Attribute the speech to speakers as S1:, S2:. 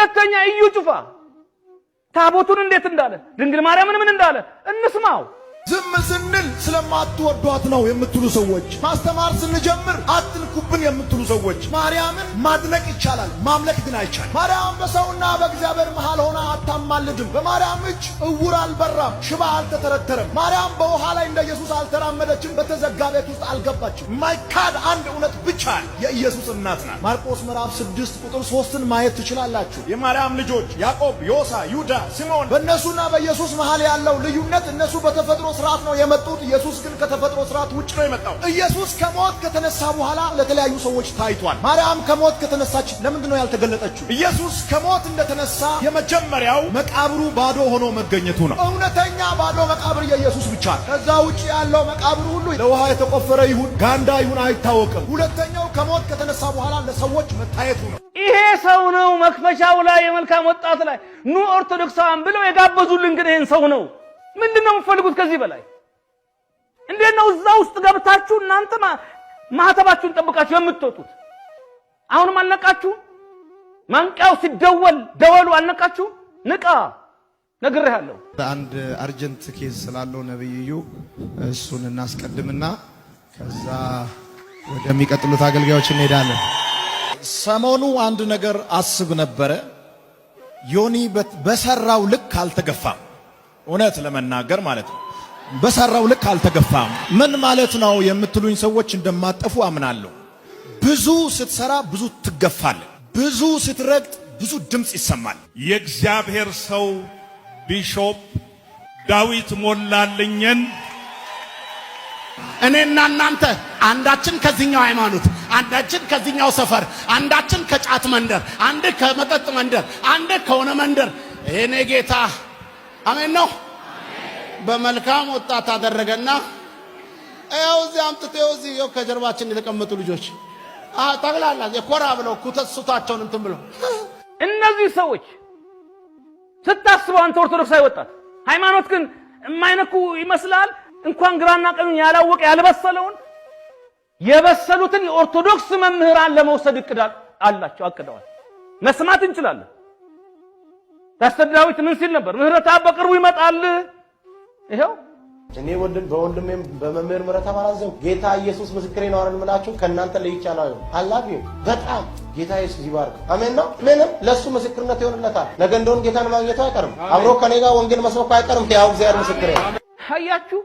S1: ሁለተኛ እዩ ጩፋ ታቦቱን እንዴት እንዳለ ድንግል ማርያምን ምን እንዳለ እንስማው።
S2: ዝም ስንል ስለማትወዷት ነው የምትሉ ሰዎች፣ ማስተማር ስንጀምር አትንኩብን የምትሉ ሰዎች፣ ማርያምን ማድነቅ ይቻላል፣ ማምለክ ግን አይቻል። ማርያም በሰውና በእግዚአብሔር መሃል ሆና አታማልድም። በማርያም እጅ እውር አልበራም፣ ሽባ አልተተረተረም። ማርያም በውሃ ላይ እንደ ኢየሱስ አልተራመደችም፣ በተዘጋ ቤት ውስጥ አልገባችም። የማይካድ አንድ እውነት ብቻ የኢየሱስ እናት ናት። ማርቆስ ምዕራፍ ስድስት ቁጥር ሶስትን ማየት ትችላላችሁ። የማርያም ልጆች ያዕቆብ፣ ዮሳ፣ ዩዳ፣ ስምዖን በእነሱና በኢየሱስ መሃል ያለው ልዩነት እነሱ በተፈጥሮ ስርዓት ነው የመጡት። ኢየሱስ ግን ከተፈጥሮ ስርዓት ውጭ ነው የመጣው። ኢየሱስ ከሞት ከተነሳ በኋላ ለተለያዩ ሰዎች ታይቷል። ማርያም ከሞት ከተነሳች ለምንድን ነው ያልተገለጠችው? ኢየሱስ ከሞት እንደተነሳ የመጀመሪያው ያየው መቃብሩ ባዶ ሆኖ መገኘቱ ነው። እውነተኛ ባዶ መቃብር የኢየሱስ ብቻ ነው። ከዛ ውጭ ያለው መቃብር ሁሉ ለውሃ የተቆፈረ ይሁን ጋንዳ ይሁን አይታወቅም። ሁለተኛው ከሞት ከተነሳ በኋላ ለሰዎች መታየቱ ነው።
S1: ይሄ ሰው ነው መክፈቻው ላይ የመልካም ወጣት ላይ ኑ ኦርቶዶክሳውያን ብለው የጋበዙልን ግን ይህን ሰው ነው። ምንድን ነው የምትፈልጉት ከዚህ በላይ? እንዴት ነው እዛ ውስጥ ገብታችሁ እናንተ ማህተባችሁን ጠብቃችሁ የምትወጡት? አሁንም አልነቃችሁ? ማንቂያው ሲደወል ደወሉ አልነቃችሁ? ንቃ ነግሬሃለሁ።
S3: በአንድ አርጀንት ኬዝ ስላለው ነብይዩ እሱን እናስቀድምና ከዛ ወደሚቀጥሉት አገልጋዮች እንሄዳለን።
S4: ሰሞኑ አንድ ነገር አስብ ነበረ። ዮኒ በሰራው ልክ አልተገፋም። እውነት ለመናገር ማለት ነው በሰራው ልክ አልተገፋም። ምን ማለት ነው የምትሉኝ ሰዎች እንደማጠፉ አምናለሁ። ብዙ ስትሰራ ብዙ ትገፋለ። ብዙ ስትረግጥ ብዙ ድምፅ ይሰማል።
S5: የእግዚአብሔር ሰው ቢሾፕ ዳዊት ሞላልኝን
S6: እኔና እናንተ አንዳችን ከዚህኛው ሃይማኖት፣ አንዳችን ከዚህኛው ሰፈር፣ አንዳችን ከጫት መንደር፣ አንድ ከመጠጥ መንደር፣ አንድ ከሆነ መንደር እኔ ጌታ አሜን ነው። በመልካም ወጣት አደረገና ያው እዚህ አምጥቶ እዚህ ከጀርባችን የተቀመጡ ልጆች አጣላላ የኮራ ብለው ኩተሱታቸውን እንትን ብለው
S1: እነዚህ ሰዎች ስታስበው አንተ ኦርቶዶክሳዊ ወጣት ሃይማኖት ግን የማይነኩ ይመስላል። እንኳን ግራና ቀኙን ያላወቀ ያልበሰለውን የበሰሉትን የኦርቶዶክስ መምህራን ለመውሰድ እቅዳል አላቸው አቅደዋል። መስማት እንችላለን። ዳዊት ምን ሲል ነበር? ምህረት በቅርቡ ይመጣል። ይኸው
S7: እኔ ወንድም በወንድሜም በመምህር ምረታ አማራዘው ጌታ ኢየሱስ ምስክሬ ነው አረን ምላችሁ ከእናንተ ለይቻላል አላፊ በጣም ጌታ ኢየሱስ ይባርክ። አሜን ነው። ምንም ለእሱ ምስክርነት ይሆንለታል። ነገ እንደሆን ጌታን ማግኘቱ አይቀርም። አብሮ ከኔ ጋር ወንጌል መስበኩ አይቀርም። ያው እግዚአብሔር ምስክሬ ነው።
S1: አያችሁ።